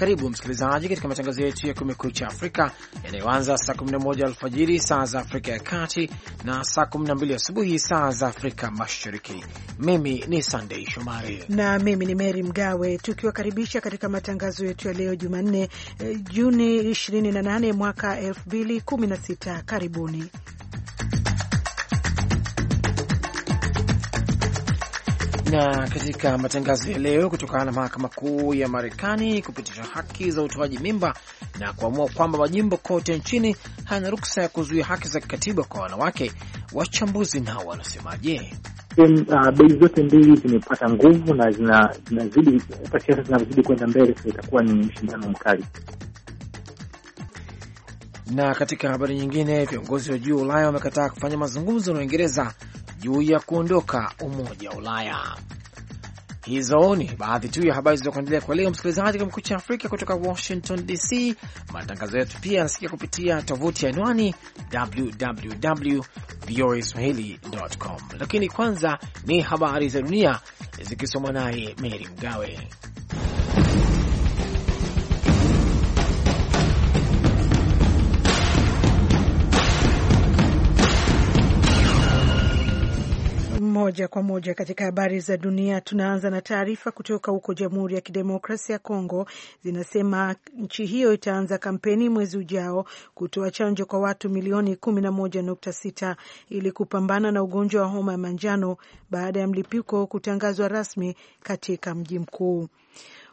Karibu msikilizaji katika matangazo yetu ya Kumekucha Afrika yanayoanza saa 11 alfajiri saa za Afrika ya Kati na saa 12 asubuhi saa za Afrika Mashariki. Mimi ni Sandei Shomari na mimi ni Mary Mgawe, tukiwakaribisha katika matangazo yetu ya leo Jumanne, eh, Juni 28 mwaka 2016. Karibuni. Na katika matangazo ya leo, kutokana na mahakama kuu ya Marekani kupitisha haki za utoaji mimba na kuamua kwamba majimbo kote nchini hayana ruksa ya kuzuia haki za kikatiba kwa wanawake, wachambuzi nao wanasemaje? Uh, bei zote mbili zimepata nguvu na zinazidi, hata siasa zinavyozidi kwenda mbele itakuwa ni mshindano mkali. Na katika habari nyingine, viongozi wa juu wa Ulaya wamekataa kufanya mazungumzo na Uingereza juu ya kuondoka Umoja wa Ulaya. Hizo ni baadhi tu ya habari zilizokuendelea kwa leo, msikilizaji, katika Kumekucha Afrika kutoka Washington DC. Matangazo yetu pia yanasikika kupitia tovuti ya anwani www voa swahili.com, lakini kwanza ni habari za dunia zikisomwa naye Meri Mgawe. Moja kwa moja katika habari za dunia, tunaanza na taarifa kutoka huko Jamhuri ya Kidemokrasia ya Kongo. Zinasema nchi hiyo itaanza kampeni mwezi ujao kutoa chanjo kwa watu milioni 11.6 ili kupambana na ugonjwa wa homa ya manjano baada ya mlipuko kutangazwa rasmi katika mji mkuu.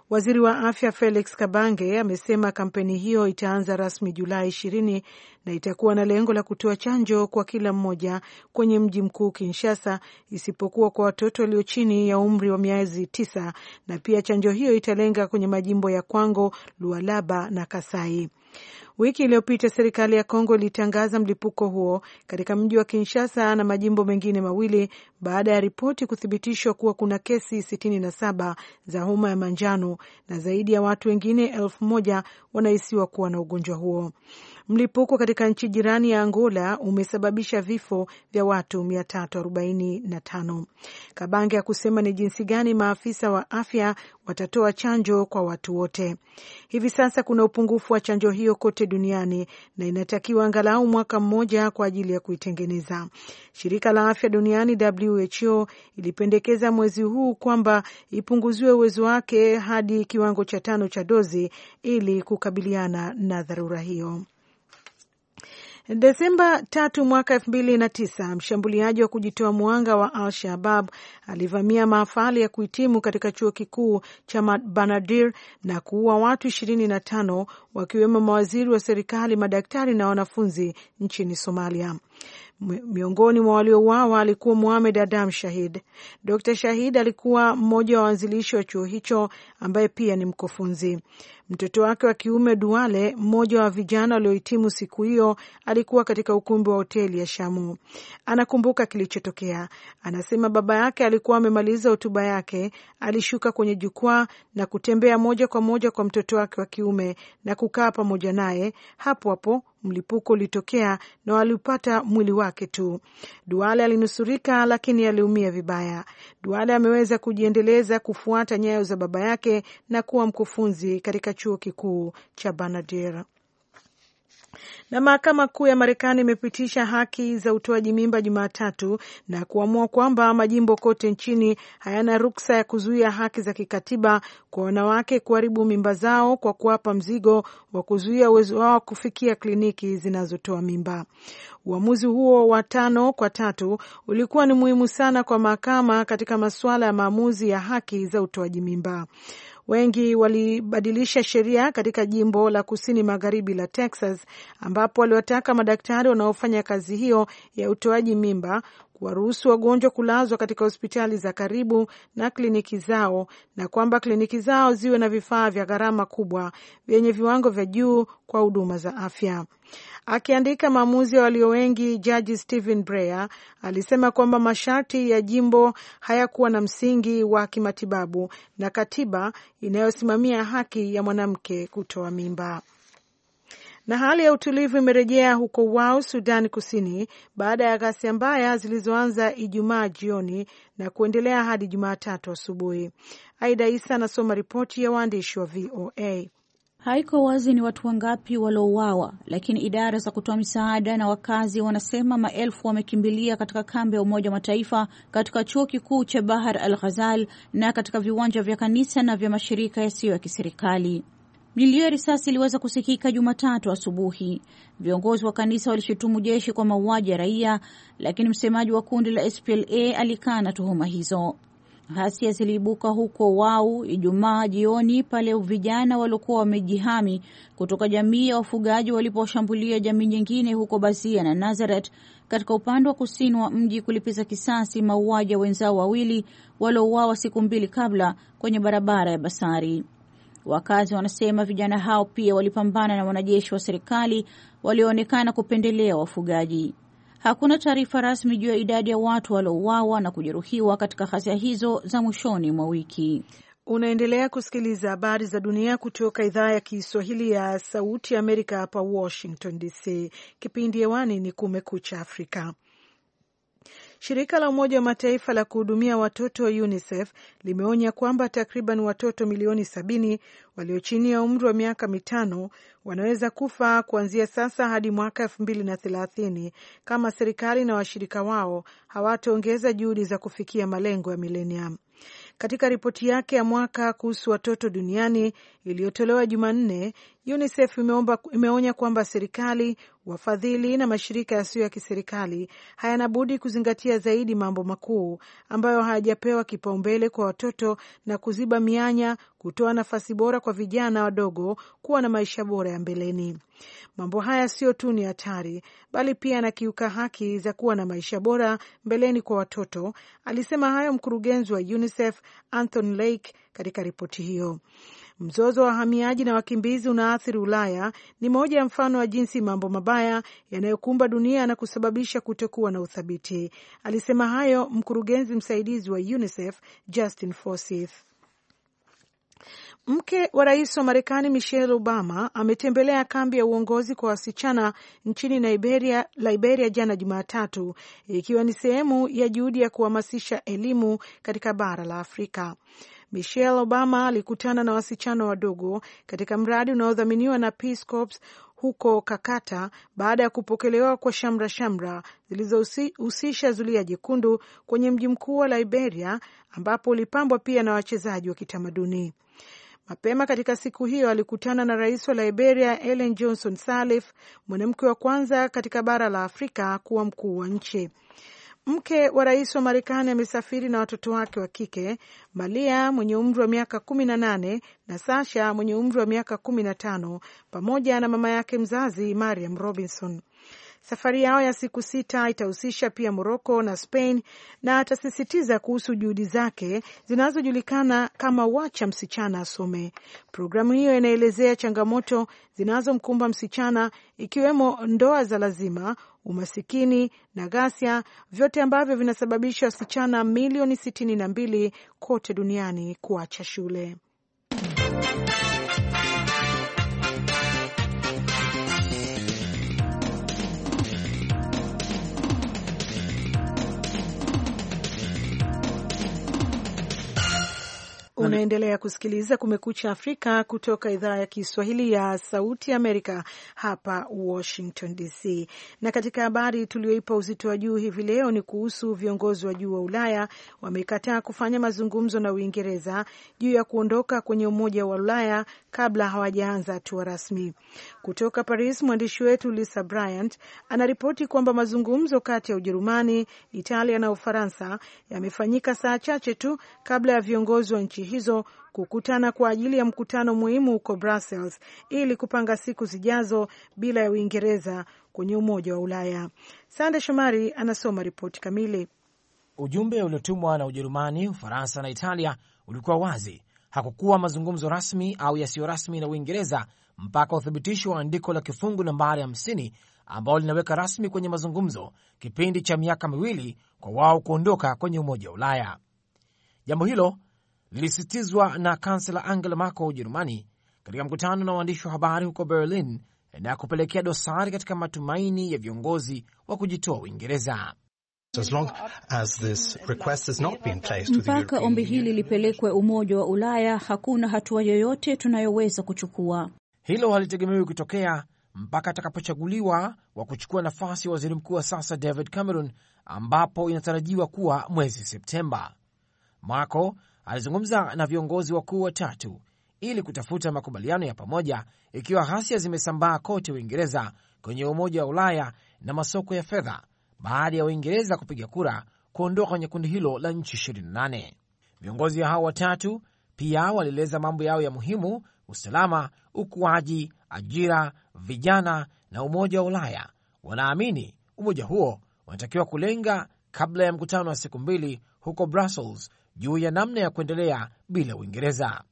Waziri wa afya Felix Kabange amesema kampeni hiyo itaanza rasmi Julai ishirini na itakuwa na lengo la kutoa chanjo kwa kila mmoja kwenye mji mkuu Kinshasa, isipokuwa kwa watoto walio chini ya umri wa miezi tisa, na pia chanjo hiyo italenga kwenye majimbo ya Kwango, Lualaba na Kasai. Wiki iliyopita serikali ya Kongo ilitangaza mlipuko huo katika mji wa Kinshasa na majimbo mengine mawili baada ya ripoti kuthibitishwa kuwa kuna kesi 67 za homa ya manjano na zaidi ya watu wengine elfu moja wanahisiwa kuwa na ugonjwa huo. Mlipuko katika nchi jirani ya Angola umesababisha vifo vya watu 345. Kabange kusema ni jinsi gani maafisa wa afya watatoa chanjo kwa watu wote. Hivi sasa kuna upungufu wa chanjo hiyo kote duniani na inatakiwa angalau mwaka mmoja kwa ajili ya kuitengeneza. Shirika la afya duniani WHO ilipendekeza mwezi huu kwamba ipunguziwe uwezo wake hadi kiwango cha tano cha dozi ili kukabiliana na dharura hiyo. Desemba tatu mwaka elfu mbili na tisa, mshambuliaji wa kujitoa mwanga wa Al Shabab alivamia mahafali ya kuhitimu katika chuo kikuu cha Banadir na kuua watu ishirini na tano wakiwemo mawaziri wa serikali, madaktari na wanafunzi nchini Somalia. Miongoni mwa waliouawa alikuwa muhamed Adam Shahid. Dr Shahid alikuwa mmoja wa waanzilishi wa chuo hicho ambaye pia ni mkufunzi. Mtoto wake wa kiume Duale, mmoja wa vijana waliohitimu siku hiyo, alikuwa katika ukumbi wa hoteli ya Shamu. Anakumbuka kilichotokea. Anasema baba yake alikuwa amemaliza hotuba yake, alishuka kwenye jukwaa na kutembea moja kwa moja kwa mtoto wake wa kiume na kukaa pamoja naye hapo hapo mlipuko ulitokea na waliupata mwili wake tu. Duale alinusurika, lakini aliumia vibaya. Duale ameweza kujiendeleza kufuata nyayo za baba yake na kuwa mkufunzi katika chuo kikuu cha Banadir. Na mahakama kuu ya Marekani imepitisha haki za utoaji mimba Jumatatu na kuamua kwamba majimbo kote nchini hayana ruksa ya kuzuia haki za kikatiba kwa wanawake kuharibu mimba zao kwa kuwapa mzigo wa kuzuia uwezo wao kufikia kliniki zinazotoa mimba. Uamuzi huo wa tano kwa tatu ulikuwa ni muhimu sana kwa mahakama katika masuala ya maamuzi ya haki za utoaji mimba. Wengi walibadilisha sheria katika jimbo la kusini magharibi la Texas, ambapo waliwataka madaktari wanaofanya kazi hiyo ya utoaji mimba kuwaruhusu wagonjwa kulazwa katika hospitali za karibu na kliniki zao na kwamba kliniki zao ziwe na vifaa vya gharama kubwa vyenye viwango vya juu kwa huduma za afya. Akiandika maamuzi ya walio wengi, jaji Stephen Breyer alisema kwamba masharti ya jimbo hayakuwa na msingi wa kimatibabu na katiba inayosimamia haki ya mwanamke kutoa mimba. Na hali ya utulivu imerejea huko Wau, Sudan Kusini, baada ya ghasia mbaya zilizoanza Ijumaa jioni na kuendelea hadi Jumatatu asubuhi. Aida Isa anasoma ripoti ya waandishi wa VOA. Haiko wazi ni watu wangapi waliouawa, lakini idara za kutoa misaada na wakazi wanasema maelfu wamekimbilia katika kambi ya Umoja wa Mataifa, katika chuo kikuu cha Bahar al Ghazal na katika viwanja vya kanisa na vya mashirika yasiyo ya kiserikali. Milio ya risasi iliweza kusikika Jumatatu asubuhi. Viongozi wa kanisa walishutumu jeshi kwa mauaji ya raia, lakini msemaji wa kundi la SPLA alikana tuhuma hizo. Ghasia ziliibuka huko Wau Ijumaa jioni pale vijana waliokuwa wamejihami kutoka jamii ya wafugaji waliposhambulia jamii nyingine huko Basia na Nazareth katika upande wa kusini wa mji kulipiza kisasi mauaji ya wenzao wawili waliouawa siku mbili kabla kwenye barabara ya Basari. Wakazi wanasema vijana hao pia walipambana na wanajeshi wa serikali walioonekana kupendelea wafugaji. Hakuna taarifa rasmi juu ya idadi ya watu waliouawa na kujeruhiwa katika ghasia hizo za mwishoni mwa wiki. Unaendelea kusikiliza habari za dunia kutoka idhaa ya Kiswahili ya Sauti ya Amerika hapa Washington DC. Kipindi hewani ni Kumekucha Afrika. Shirika la Umoja wa Mataifa la kuhudumia watoto UNICEF limeonya kwamba takriban watoto milioni sabini walio chini ya umri wa miaka mitano wanaweza kufa kuanzia sasa hadi mwaka elfu mbili na thelathini kama serikali na washirika wao hawataongeza juhudi za kufikia malengo ya milenium. Katika ripoti yake ya mwaka kuhusu watoto duniani iliyotolewa Jumanne, UNICEF imeomba, imeonya kwamba serikali, wafadhili na mashirika yasiyo ya kiserikali hayana budi kuzingatia zaidi mambo makuu ambayo hayajapewa kipaumbele kwa watoto na kuziba mianya, kutoa nafasi bora kwa vijana wadogo kuwa na maisha bora ya mbeleni. Mambo haya sio tu ni hatari, bali pia yanakiuka haki za kuwa na maisha bora mbeleni kwa watoto. Alisema hayo mkurugenzi wa UNICEF Anthony Lake katika ripoti hiyo. Mzozo wa wahamiaji na wakimbizi unaathiri Ulaya ni moja ya mfano wa jinsi mambo mabaya yanayokumba dunia na kusababisha kutokuwa na uthabiti. Alisema hayo mkurugenzi msaidizi wa UNICEF Justin Forsyth. Mke wa rais wa Marekani Michelle Obama ametembelea kambi ya uongozi kwa wasichana nchini Liberia, Liberia jana Jumatatu, ikiwa ni sehemu ya juhudi ya kuhamasisha elimu katika bara la Afrika. Michelle Obama alikutana na wasichana wadogo katika mradi unaodhaminiwa na Peace Corps huko Kakata baada ya kupokelewa kwa shamra shamra zilizohusisha zulia jekundu kwenye mji mkuu wa Liberia, ambapo ulipambwa pia na wachezaji wa kitamaduni. Mapema katika siku hiyo alikutana na rais wa Liberia Ellen Johnson Sirleaf, mwanamke wa kwanza katika bara la Afrika kuwa mkuu wa nchi. Mke wa rais wa Marekani amesafiri na watoto wake wa kike Malia mwenye umri wa miaka kumi na nane na Sasha mwenye umri wa miaka kumi na tano pamoja na mama yake mzazi Mariam Robinson. Safari yao ya siku sita itahusisha pia Moroko na Spain na atasisitiza kuhusu juhudi zake zinazojulikana kama wacha msichana asome. Programu hiyo inaelezea changamoto zinazomkumba msichana ikiwemo ndoa za lazima, umasikini na ghasia, vyote ambavyo vinasababisha wasichana milioni sitini na mbili kote duniani kuacha shule. Unaendelea kusikiliza Kumekucha Afrika kutoka idhaa ya Kiswahili ya Sauti Amerika hapa Washington DC. Na katika habari tulioipa uzito wa juu hivi leo ni kuhusu viongozi wa juu wa Ulaya wamekataa kufanya mazungumzo na Uingereza juu ya kuondoka kwenye Umoja wa Ulaya kabla hawajaanza hatua rasmi. Kutoka Paris, mwandishi wetu Lisa Bryant anaripoti kwamba mazungumzo kati ya Ujerumani, Italia na Ufaransa yamefanyika saa chache tu kabla ya viongozi wa nchi hizo kukutana kwa ajili ya mkutano muhimu huko Brussels ili kupanga siku zijazo bila ya Uingereza kwenye Umoja wa Ulaya. Sande Shomari anasoma ripoti kamili. Ujumbe uliotumwa na Ujerumani, Ufaransa na Italia ulikuwa wazi. Hakukuwa mazungumzo rasmi au yasiyo rasmi na Uingereza mpaka uthibitisho wa andiko la kifungu nambari 50 ambao linaweka rasmi kwenye mazungumzo kipindi cha miaka miwili kwa wao kuondoka kwenye Umoja wa Ulaya. Jambo hilo lilisitizwa na kansela Angela Merkel wa Ujerumani katika mkutano na waandishi wa habari huko Berlin na kupelekea dosari katika matumaini ya viongozi wa kujitoa Uingereza. Mpaka ombi hili lipelekwe Umoja wa Ulaya, hakuna hatua yoyote tunayoweza kuchukua. Hilo halitegemewi kutokea mpaka atakapochaguliwa wa kuchukua nafasi ya waziri mkuu wa sasa David Cameron, ambapo inatarajiwa kuwa mwezi Septemba. Mako alizungumza na viongozi wakuu watatu ili kutafuta makubaliano ya pamoja ikiwa ghasia zimesambaa kote Uingereza, kwenye Umoja wa Ulaya na masoko ya fedha baada ya Uingereza kupiga kura kuondoka kwenye kundi hilo la nchi 28. Viongozi hao watatu pia walieleza mambo yao ya muhimu: usalama, ukuaji, ajira, vijana na Umoja wa Ulaya. Wanaamini umoja huo unatakiwa kulenga kabla ya mkutano wa siku mbili huko Brussels juu ya namna ya kuendelea bila Uingereza.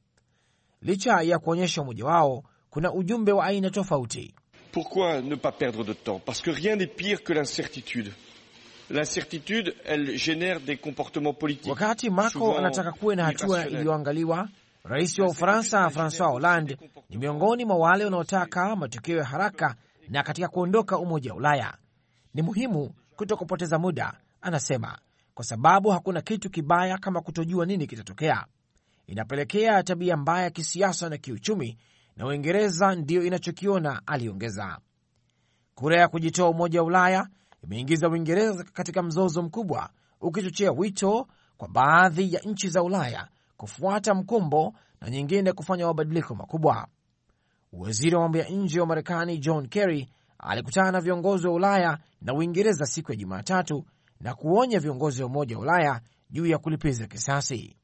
Licha ya kuonyesha umoja wao, kuna ujumbe wa aina tofauti. Pourquoi ne pas perdre de temps parce que rien n'est pire que l'incertitude l'incertitude elle des comportements politiques. Wakati Macron anataka kuwe na hatua iliyoangaliwa, rais wa Ufaransa Francois Hollande ni miongoni mwa wale wanaotaka matokeo ya haraka na katika kuondoka umoja wa Ulaya ni muhimu kuto kupoteza muda, anasema kwa sababu hakuna kitu kibaya kama kutojua nini kitatokea. Inapelekea tabia mbaya ya kisiasa na kiuchumi, na Uingereza ndiyo inachokiona, aliongeza. Kura ya kujitoa Umoja wa Ulaya imeingiza Uingereza katika mzozo mkubwa, ukichochea wito kwa baadhi ya nchi za Ulaya kufuata mkumbo na nyingine kufanya mabadiliko makubwa. Waziri wa mambo ya nje wa Marekani John Kerry alikutana na viongozi wa Ulaya na Uingereza siku ya Jumatatu na kuonya viongozi wa Umoja wa Ulaya juu ya kulipiza kisasi.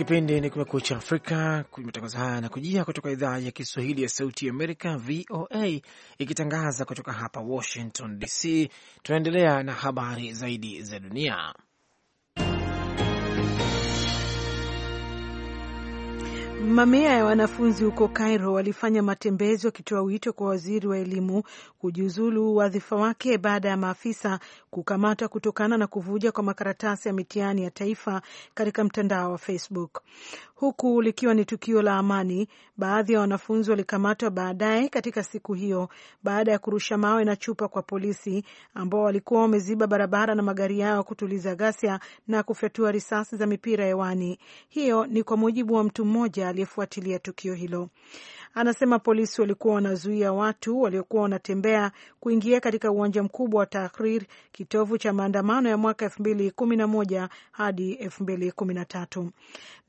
Kipindi ni Kumekucha Afrika. Matangazo haya yanakujia kutoka idhaa ya Kiswahili ya Sauti Amerika, VOA, ikitangaza kutoka hapa Washington DC. Tunaendelea na habari zaidi za dunia. Mamia ya wanafunzi huko Cairo walifanya matembezi wakitoa wito kwa waziri wa elimu kujiuzulu wadhifa wake baada ya maafisa kukamatwa kutokana na kuvuja kwa makaratasi ya mitihani ya taifa katika mtandao wa Facebook, huku likiwa ni tukio la amani. Baadhi ya wanafunzi walikamatwa baadaye katika siku hiyo baada ya kurusha mawe na chupa kwa polisi ambao walikuwa wameziba barabara na magari yao kutuliza ghasia na kufyatua risasi za mipira hewani. Hiyo ni kwa mujibu wa mtu mmoja aliyefuatilia tukio hilo. Anasema polisi walikuwa wanazuia watu waliokuwa wanatembea kuingia katika uwanja mkubwa wa Tahrir, kitovu cha maandamano ya mwaka elfu mbili kumi na moja hadi elfu mbili kumi na tatu.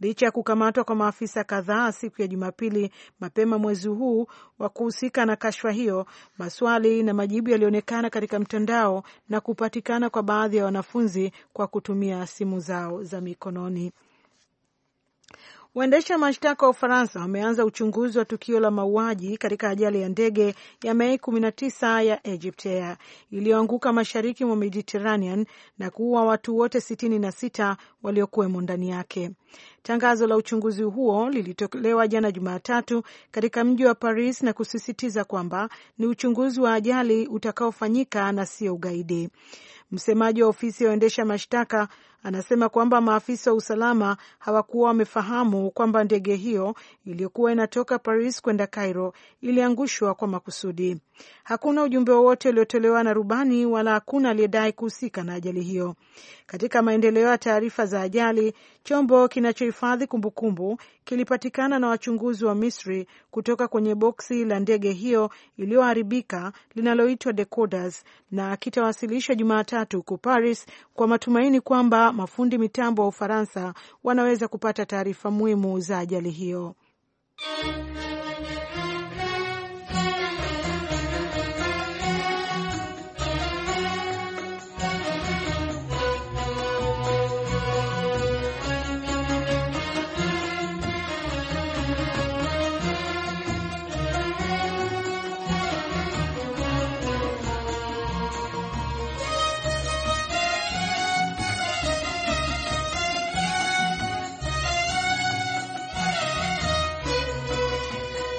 Licha ya kukamatwa kwa maafisa kadhaa siku ya Jumapili mapema mwezi huu wa kuhusika na kashfa hiyo, maswali na majibu yalionekana katika mtandao na kupatikana kwa baadhi ya wanafunzi kwa kutumia simu zao za mikononi. Waendesha mashtaka wa Ufaransa wameanza uchunguzi wa tukio la mauaji katika ajali ya ndege ya Mei 19 ya Egypt Air iliyoanguka mashariki mwa Mediterranean na kuua watu wote 66 waliokuwemo ndani yake. Tangazo la uchunguzi huo lilitolewa jana Jumatatu katika mji wa Paris na kusisitiza kwamba ni uchunguzi wa ajali utakaofanyika na sio ugaidi. Msemaji wa ofisi ya waendesha mashtaka anasema kwamba maafisa wa usalama hawakuwa wamefahamu kwamba ndege hiyo iliyokuwa inatoka Paris kwenda Cairo iliangushwa kwa makusudi. Hakuna ujumbe wowote uliotolewa na rubani wala hakuna aliyedai kuhusika na ajali hiyo. Katika maendeleo ya taarifa za ajali, chombo kinacho kuhifadhi kumbukumbu kilipatikana na wachunguzi wa Misri kutoka kwenye boksi la ndege hiyo iliyoharibika linaloitwa Decoders na kitawasilishwa Jumatatu huko Paris kwa matumaini kwamba mafundi mitambo wa Ufaransa wanaweza kupata taarifa muhimu za ajali hiyo.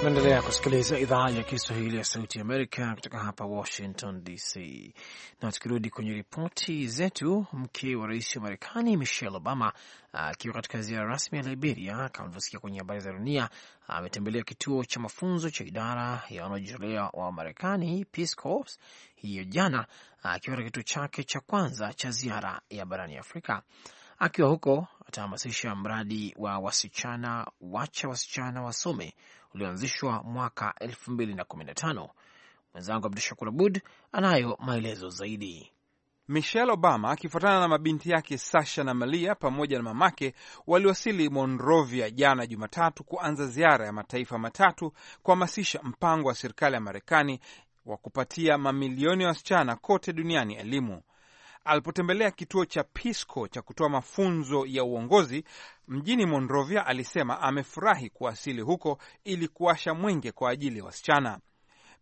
Tunaendelea kusikiliza idhaa ya Kiswahili ya Sauti Amerika kutoka hapa Washington DC. Na tukirudi kwenye ripoti zetu, mke wa rais wa Marekani Michelle Obama akiwa katika ziara rasmi ya Liberia, kama tulivyosikia kwenye habari za dunia, ametembelea kituo cha mafunzo cha idara ya wanaojitolea wa Marekani, Peace Corps, hiyo jana, akiwa katika kituo chake cha kwanza cha ziara ya barani Afrika. Akiwa huko atahamasisha mradi wa wasichana wacha wasichana wasome ulioanzishwa mwaka 2015. Mwenzangu Abdu Shakur Abud anayo maelezo zaidi. Michelle Obama akifuatana na mabinti yake Sasha na Malia pamoja na mamake waliwasili Monrovia jana Jumatatu kuanza ziara ya mataifa matatu kuhamasisha mpango wa serikali ya Marekani wa kupatia mamilioni ya wasichana kote duniani elimu. Alipotembelea kituo cha Pisco cha kutoa mafunzo ya uongozi mjini Monrovia, alisema amefurahi kuwasili huko ili kuwasha mwenge kwa ajili ya wasichana.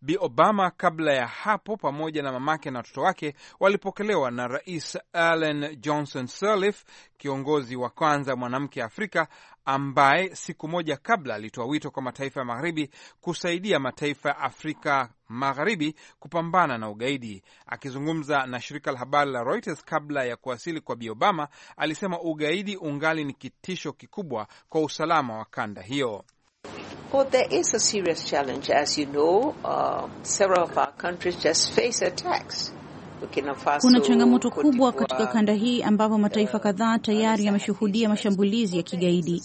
Bi Obama kabla ya hapo pamoja na mamake na watoto wake walipokelewa na Rais Ellen Johnson Sirleaf, kiongozi wa kwanza mwanamke Afrika ambaye siku moja kabla alitoa wito kwa mataifa ya magharibi kusaidia mataifa ya Afrika magharibi kupambana na ugaidi. Akizungumza na shirika la habari la Reuters kabla ya kuwasili kwa Bi Obama, alisema ugaidi ungali ni kitisho kikubwa kwa usalama wa kanda hiyo. Well, there is a serious challenge as you know, uh, several of our countries just face attacks kuna changamoto kubwa katika kanda hii ambapo mataifa kadhaa tayari yameshuhudia mashambulizi ya kigaidi.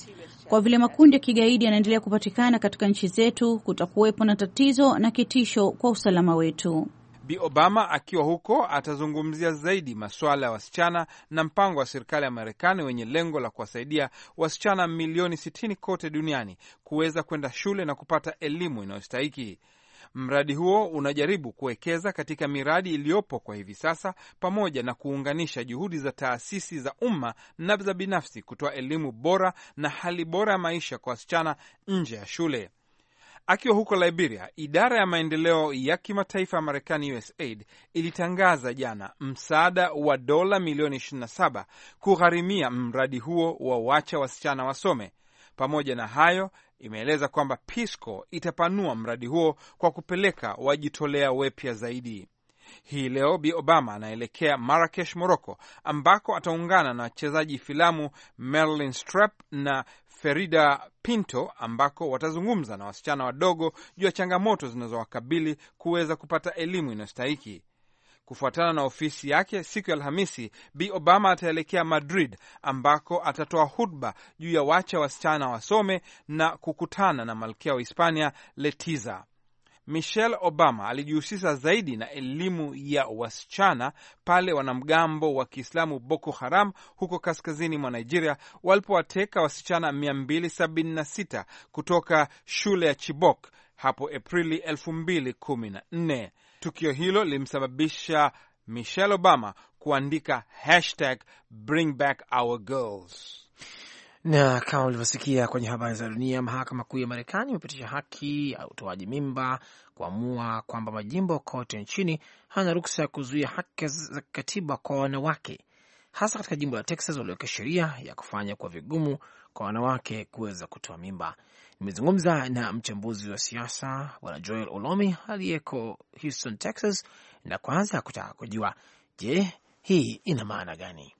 Kwa vile makundi ya kigaidi yanaendelea kupatikana katika nchi zetu, kutakuwepo na tatizo na kitisho kwa usalama wetu. Bi Obama akiwa huko atazungumzia zaidi masuala ya wasichana na mpango wa serikali ya Marekani wenye lengo la kuwasaidia wasichana milioni 60 kote duniani kuweza kwenda shule na kupata elimu inayostahiki. Mradi huo unajaribu kuwekeza katika miradi iliyopo kwa hivi sasa pamoja na kuunganisha juhudi za taasisi za umma na za binafsi kutoa elimu bora na hali bora ya maisha kwa wasichana nje ya shule. Akiwa huko Liberia, idara ya maendeleo ya kimataifa ya Marekani, USAID, ilitangaza jana msaada wa dola milioni 27 kugharimia mradi huo wa wacha wasichana wasome. Pamoja na hayo, imeeleza kwamba PISCO itapanua mradi huo kwa kupeleka wajitolea wepya zaidi. Hii leo Bi Obama anaelekea Marakesh, Moroko, ambako ataungana na wachezaji filamu Marilyn strap na Ferida Pinto, ambako watazungumza na wasichana wadogo juu ya changamoto zinazowakabili kuweza kupata elimu inayostahiki. Kufuatana na ofisi yake, siku ya Alhamisi b Obama ataelekea Madrid ambako atatoa hutba juu ya wacha wasichana wasome na kukutana na malkia wa Hispania Letiza. Michelle Obama alijihusisha zaidi na elimu ya wasichana pale wanamgambo wa Kiislamu Boko Haram huko kaskazini mwa Nigeria walipowateka wasichana 276 kutoka shule ya Chibok hapo Aprili 2014. Tukio hilo lilimsababisha Michelle Obama kuandika hashtag bring back our girls. Na kama ulivyosikia kwenye habari za dunia, mahakama kuu ya Marekani imepitisha haki ya utoaji mimba kuamua kwamba majimbo kote nchini hana ruksa ya kuzuia haki za kikatiba kwa wanawake hasa katika jimbo la Texas walioweka sheria ya kufanya kwa vigumu kwa wanawake kuweza kutoa mimba. Nimezungumza na mchambuzi wa siasa Bwana Joel Olomi aliyeko Houston, Texas, na kwanza kutaka kujua, je, hii ina maana gani?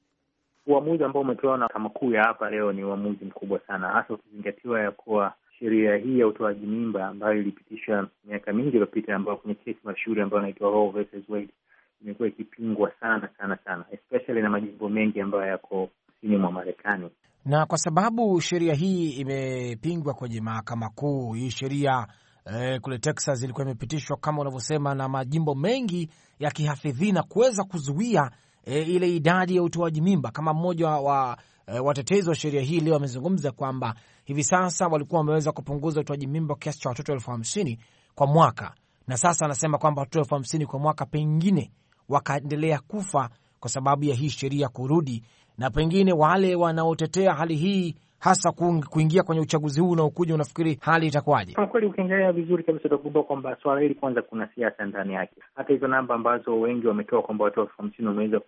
Uamuzi ambao umetolewa na kama kuu ya hapa leo ni uamuzi mkubwa sana, hasa ukizingatiwa ya kuwa sheria hii ya utoaji mimba ambayo ilipitishwa miaka mingi iliyopita, ambayo kwenye kesi mashuhuri ambayo inaitwa Roe versus Wade imekuwa ikipingwa sana sana sana, especially na majimbo mengi ambayo yako kusini mwa Marekani. Na kwa sababu sheria hii imepingwa kwenye mahakama kuu, hii sheria eh, kule Texas ilikuwa imepitishwa kama unavyosema na majimbo mengi ya kihafidhina kuweza kuzuia eh, ile idadi ya utoaji mimba. Kama mmoja wa eh, watetezi wa sheria hii leo amezungumza kwamba hivi sasa walikuwa wameweza kupunguza utoaji mimba kiasi cha watoto elfu hamsini kwa mwaka, na sasa anasema kwamba watoto elfu hamsini kwa mwaka pengine wakaendelea kufa kwa sababu ya hii sheria kurudi, na pengine wale wanaotetea hali hii hasa kuingia kwenye uchaguzi huu unaokuja, unafikiri hali itakuwaje? Kwa kweli, ukiangalia vizuri kabisa utagundua kwamba swala hili kwanza, kuna siasa ndani yake. Hata hizo namba ambazo wengi wametoa kwamba watu elfu hamsini wameweza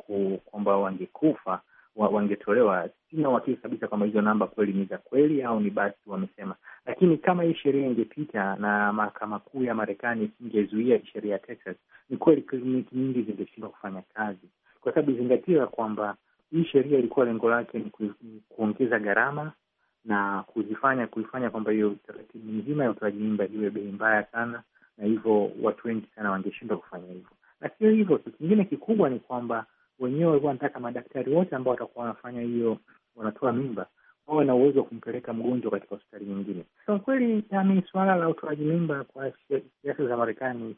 kwamba wangekufa wangetolewa. Sina uhakika kabisa kwamba hizo namba kweli ni za kweli au ni basi wamesema, lakini kama hii sheria ingepita na mahakama kuu ya Marekani isingezuia hii sheria ya Texas, ni kweli kliniki nyingi zingeshindwa kufanya kazi, kwa sababu izingatio kwamba hii sheria ilikuwa lengo lake ni kuongeza gharama na kuzifanya kuifanya kwamba hiyo taratibu nzima ya utoaji mimba iwe bei mbaya sana, na hivyo watu wengi sana wangeshindwa kufanya hivyo. Na sio hivyo tu, kingine kikubwa ni kwamba wenyewe walikuwa wanataka madaktari wote ambao watakuwa wanafanya hiyo, wanatoa mimba wawe na uwezo wa kumpeleka mgonjwa katika hospitali nyingine. Kwa kweli, ni suala la utoaji mimba kwa siasa za Marekani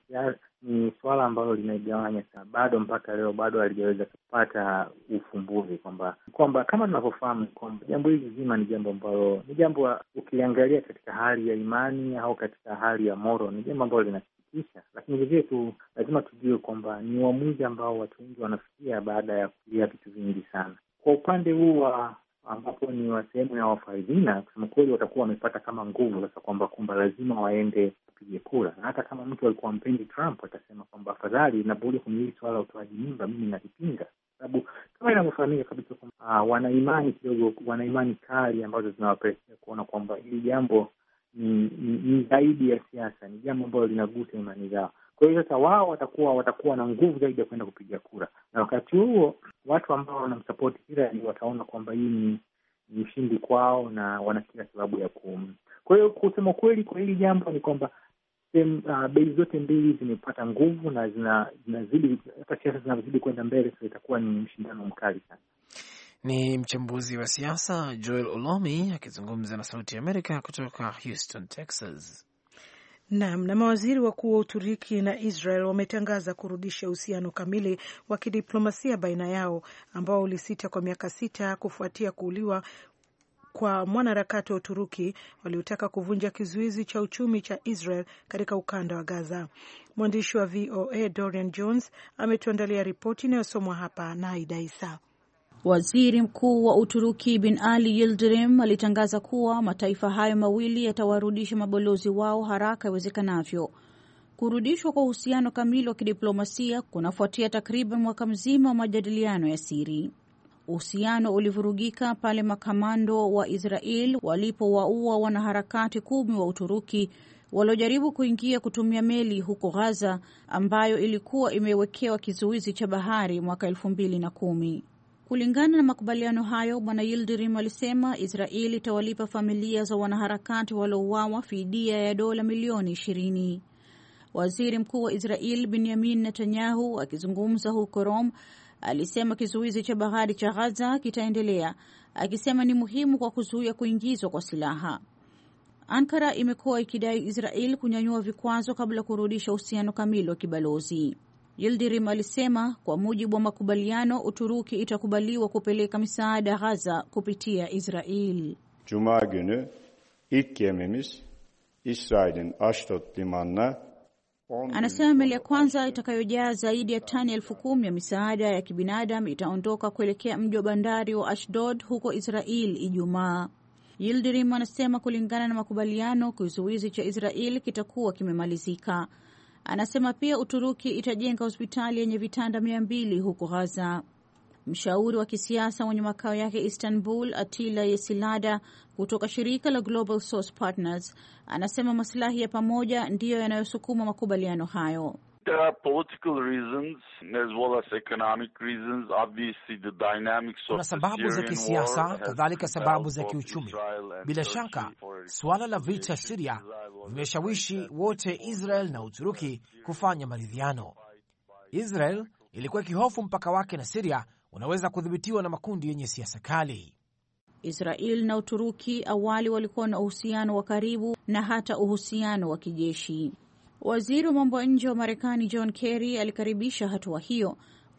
ni suala ambalo linaigawanya sana, bado mpaka leo bado halijaweza kupata ufumbuzi, kwamba kwamba kama tunavyofahamu kwamba jambo hili zima ni jambo ambalo ni jambo ukiliangalia katika hali ya imani au katika hali ya moro, ni jambo ambalo lina kutisha, lakini vilevile tu lazima tujue kwamba ni uamuzi ambao watu wengi wanafikia baada ya kulia vitu vingi sana. Kwa upande huu wa ambapo ni wa sehemu ya wafalidhina, kusema kweli, watakuwa wamepata kama nguvu sasa kwamba kwamba lazima waende wapige kura, na hata kama mtu alikuwa mpendi Trump atasema kwamba afadhali inabudi kwenye hili suala la utoaji mimba, mimi nalipinga sababu kama inavyofahamika kabisa kwamba ah, wanaimani kidogo, wanaimani kali ambazo zinawapelekea kuona kwamba hili jambo ni, ni, ni zaidi ya siasa, ni jambo ambalo linagusa imani zao. Kwa hiyo sasa wao watakuwa watakuwa na nguvu zaidi ya kuenda kupiga kura, na wakati huo watu ambao wanamsapoti Hillary wataona kwamba hii ni ni ushindi kwao na wana kila sababu ya kum Kwa hiyo kusema kweli, kwa hili jambo ni kwamba uh, bei zote mbili zimepata nguvu na zinazidi, hata siasa zinazidi kwenda mbele, so itakuwa ni mshindano mkali sana. Ni mchambuzi wa siasa Joel Olomi akizungumza na Sauti ya Amerika kutoka Houston, Texas. Naam, na mawaziri wakuu wa Uturuki na Israel wametangaza kurudisha uhusiano kamili wa kidiplomasia baina yao ambao ulisita kwa miaka sita kufuatia kuuliwa kwa mwanaharakati wa Uturuki waliotaka kuvunja kizuizi cha uchumi cha Israel katika ukanda wa Gaza. Mwandishi wa VOA Dorian Jones ametuandalia ripoti inayosomwa hapa na Aida Isa. Waziri Mkuu wa Uturuki Bin Ali Yildirim alitangaza kuwa mataifa hayo mawili yatawarudisha mabalozi wao haraka iwezekanavyo. Kurudishwa kwa uhusiano kamili wa kidiplomasia kunafuatia takriban mwaka mzima wa majadiliano ya siri. Uhusiano ulivurugika pale makamando wa Israel walipowaua wanaharakati kumi wa Uturuki waliojaribu kuingia kutumia meli huko Ghaza ambayo ilikuwa imewekewa kizuizi cha bahari mwaka elfu mbili na kumi. Kulingana na makubaliano hayo, Bwana Yildirim alisema Israeli itawalipa familia za wanaharakati waliouawa fidia ya dola milioni ishirini. Waziri Mkuu wa Israel Benyamin Netanyahu akizungumza huko Rome alisema kizuizi cha bahari cha Ghaza kitaendelea, akisema ni muhimu kwa kuzuia kuingizwa kwa silaha. Ankara imekuwa ikidai Israel kunyanyua vikwazo kabla ya kurudisha uhusiano kamili wa kibalozi. Yildirim alisema kwa mujibu wa makubaliano, Uturuki itakubaliwa kupeleka misaada Ghaza kupitia Israel. Cuma günü ilk gemimiz İsrail'in Ashdod limanına Anasema meli ya kwanza itakayojaa zaidi ya tani elfu kumi ya misaada ya kibinadamu itaondoka kuelekea mji wa bandari wa Ashdod huko Israel Ijumaa. Yildirim anasema kulingana na makubaliano, kizuizi cha Israel kitakuwa kimemalizika Anasema pia Uturuki itajenga hospitali yenye vitanda mia mbili huko Ghaza. Mshauri wa kisiasa mwenye makao yake Istanbul, atila Yesilada kutoka shirika la Global Source Partners anasema masilahi ya pamoja ndiyo yanayosukuma makubaliano hayo. There are political reasons as well as economic reasons. Obviously the dynamics of kuna sababu za kisiasa, kadhalika sababu za kiuchumi. Bila shaka suala la vita Siria vimeshawishi wote Israel na Uturuki kufanya maridhiano. Israel ilikuwa ikihofu mpaka wake na Siria unaweza kudhibitiwa na makundi yenye siasa kali. Israel na Uturuki awali walikuwa na uhusiano wa karibu na hata uhusiano wa kijeshi. Waziri wa mambo ya nje wa Marekani John Kerry alikaribisha hatua hiyo.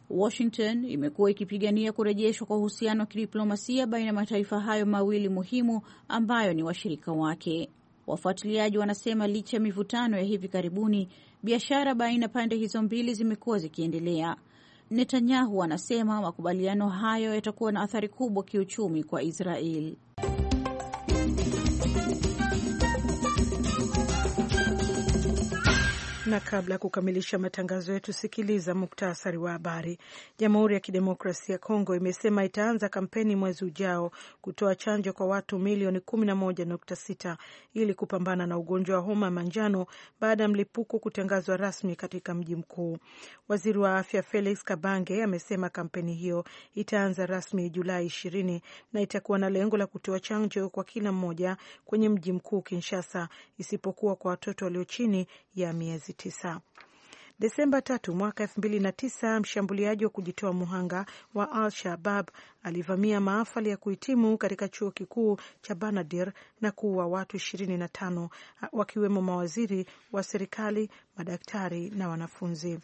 Washington imekuwa ikipigania kurejeshwa kwa uhusiano wa kidiplomasia baina ya mataifa hayo mawili muhimu ambayo ni washirika wake. Wafuatiliaji wanasema licha ya mivutano ya hivi karibuni, biashara baina ya pande hizo mbili zimekuwa zikiendelea. Netanyahu anasema makubaliano hayo yatakuwa na athari kubwa kiuchumi kwa Israel. na kabla ya kukamilisha matangazo yetu, sikiliza muktasari wa habari. Jamhuri ya Kidemokrasia ya Kongo imesema itaanza kampeni mwezi ujao kutoa chanjo kwa watu milioni 11.6 ili kupambana na ugonjwa wa homa ya manjano baada ya mlipuko kutangazwa rasmi katika mji mkuu. Waziri wa afya Felix Kabange amesema kampeni hiyo itaanza rasmi Julai 20 na itakuwa na lengo la kutoa chanjo kwa kila mmoja kwenye mji mkuu Kinshasa, isipokuwa kwa watoto walio chini ya miezi Desemba tatu mwaka elfu mbili na tisa mshambuliaji wa kujitoa muhanga wa Al Shabab alivamia maafali ya kuhitimu katika chuo kikuu cha Banadir na kuua watu ishirini na tano wakiwemo mawaziri wa serikali, madaktari na wanafunzi.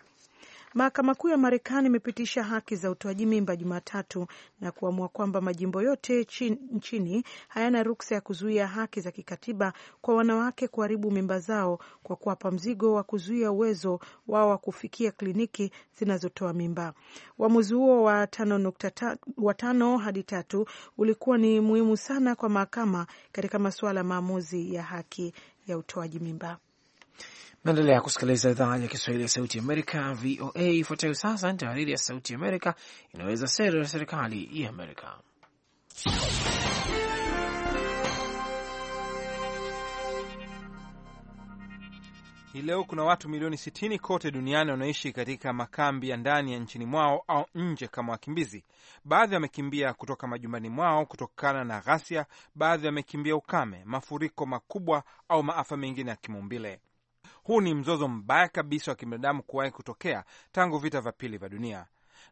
Mahakama Kuu ya Marekani imepitisha haki za utoaji mimba Jumatatu na kuamua kwamba majimbo yote chin, nchini hayana ruksa ya kuzuia haki za kikatiba kwa wanawake kuharibu mimba zao kwa kuwapa mzigo wa kuzuia uwezo wao wa kufikia kliniki zinazotoa mimba. Uamuzi huo wa tano nukta wa tano hadi tatu ulikuwa ni muhimu sana kwa mahakama katika masuala ya maamuzi ya haki ya utoaji mimba. Naendelea kusikiliza idhaa ya Kiswahili ya Sauti Amerika, VOA. Ifuatayo sasa ni tahariri ya Sauti Amerika inaweza sera ya serikali ya Amerika. Hii leo kuna watu milioni 60 kote duniani wanaoishi katika makambi ya ndani ya nchini mwao au nje kama wakimbizi. Baadhi wamekimbia kutoka majumbani mwao kutokana na ghasia, baadhi wamekimbia ukame, mafuriko makubwa au maafa mengine ya kimaumbile. Huu ni mzozo mbaya kabisa wa kibinadamu kuwahi kutokea tangu vita vya pili vya dunia,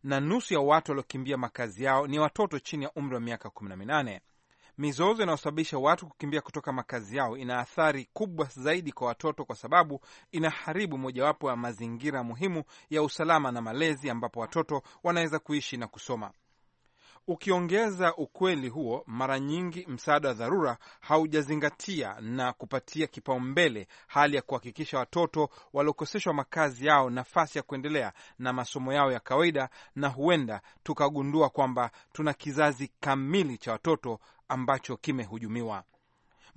na nusu ya watu waliokimbia makazi yao ni watoto chini ya umri wa miaka 18. Mizozo inayosababisha watu kukimbia kutoka makazi yao ina athari kubwa zaidi kwa watoto, kwa sababu inaharibu mojawapo ya mazingira muhimu ya usalama na malezi, ambapo watoto wanaweza kuishi na kusoma. Ukiongeza ukweli huo, mara nyingi msaada wa dharura haujazingatia na kupatia kipaumbele hali ya kuhakikisha watoto waliokoseshwa makazi yao nafasi ya kuendelea na masomo yao ya kawaida, na huenda tukagundua kwamba tuna kizazi kamili cha watoto ambacho kimehujumiwa.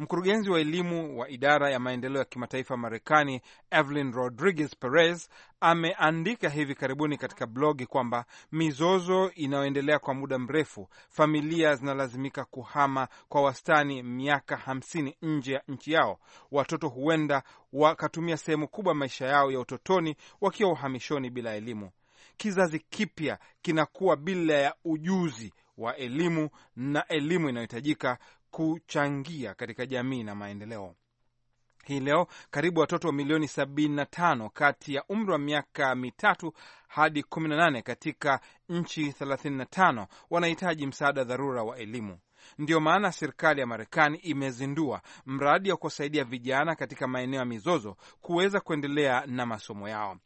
Mkurugenzi wa elimu wa idara ya maendeleo ya kimataifa Marekani, Evelyn Rodriguez Perez, ameandika hivi karibuni katika blogi kwamba mizozo inayoendelea kwa muda mrefu, familia zinalazimika kuhama kwa wastani miaka hamsini nje ya nchi yao. Watoto huenda wakatumia sehemu kubwa maisha yao ya utotoni wakiwa uhamishoni bila elimu. Kizazi kipya kinakuwa bila ya ujuzi wa elimu na elimu inayohitajika kuchangia katika jamii na maendeleo. Hii leo karibu watoto wa milioni 75 kati ya umri wa miaka mitatu hadi 18 katika nchi 35 wanahitaji msaada dharura wa elimu. Ndiyo maana serikali ya Marekani imezindua mradi wa kuwasaidia vijana katika maeneo ya mizozo kuweza kuendelea na masomo yao.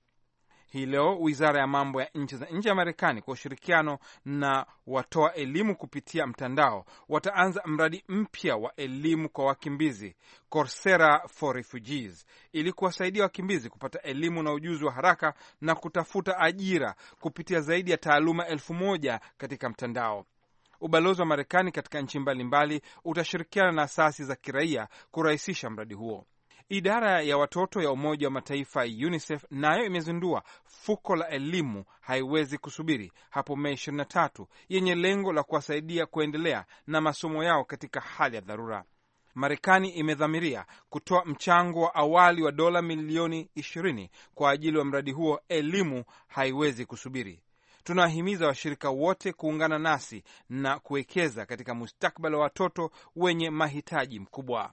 Hii leo wizara ya mambo ya nchi za nje ya Marekani kwa ushirikiano na watoa elimu kupitia mtandao wataanza mradi mpya wa elimu kwa wakimbizi Coursera for Refugees ili kuwasaidia wakimbizi kupata elimu na ujuzi wa haraka na kutafuta ajira kupitia zaidi ya taaluma elfu moja katika mtandao. Ubalozi wa Marekani katika nchi mbalimbali utashirikiana na asasi za kiraia kurahisisha mradi huo. Idara ya watoto ya Umoja wa Mataifa UNICEF nayo imezindua fuko la elimu haiwezi kusubiri hapo Mei 23 yenye lengo la kuwasaidia kuendelea na masomo yao katika hali ya dharura. Marekani imedhamiria kutoa mchango wa awali wa dola milioni 20 kwa ajili wa mradi huo elimu haiwezi kusubiri. Tunawahimiza washirika wote kuungana nasi na kuwekeza katika mustakabali wa watoto wenye mahitaji mkubwa.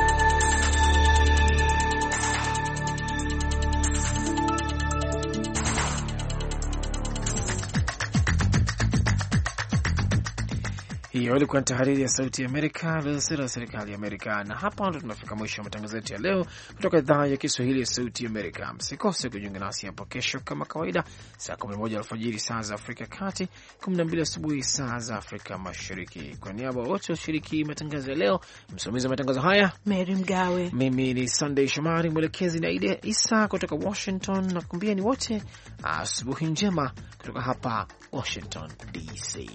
Hiyo ilikuwa ni tahariri ya Sauti ya Amerika ya serikali ya Amerika, na hapa ndo tunafika mwisho wa matangazo yetu ya leo kutoka idhaa ya Kiswahili ya Sauti ya Amerika. Msikose kujiunga nasi hapo kesho kama kawaida, saa 11 alfajiri saa za Afrika Kati, 12 asubuhi saa za Afrika Mashariki. Kwa niaba wote washiriki matangazo ya leo, msimamizi wa matangazo haya Mary Mgawe, mimi ni Sunday Shomari, mwelekezi na Ide Isa kutoka Washington, na kumbieni wote asubuhi njema kutoka hapa Washington DC.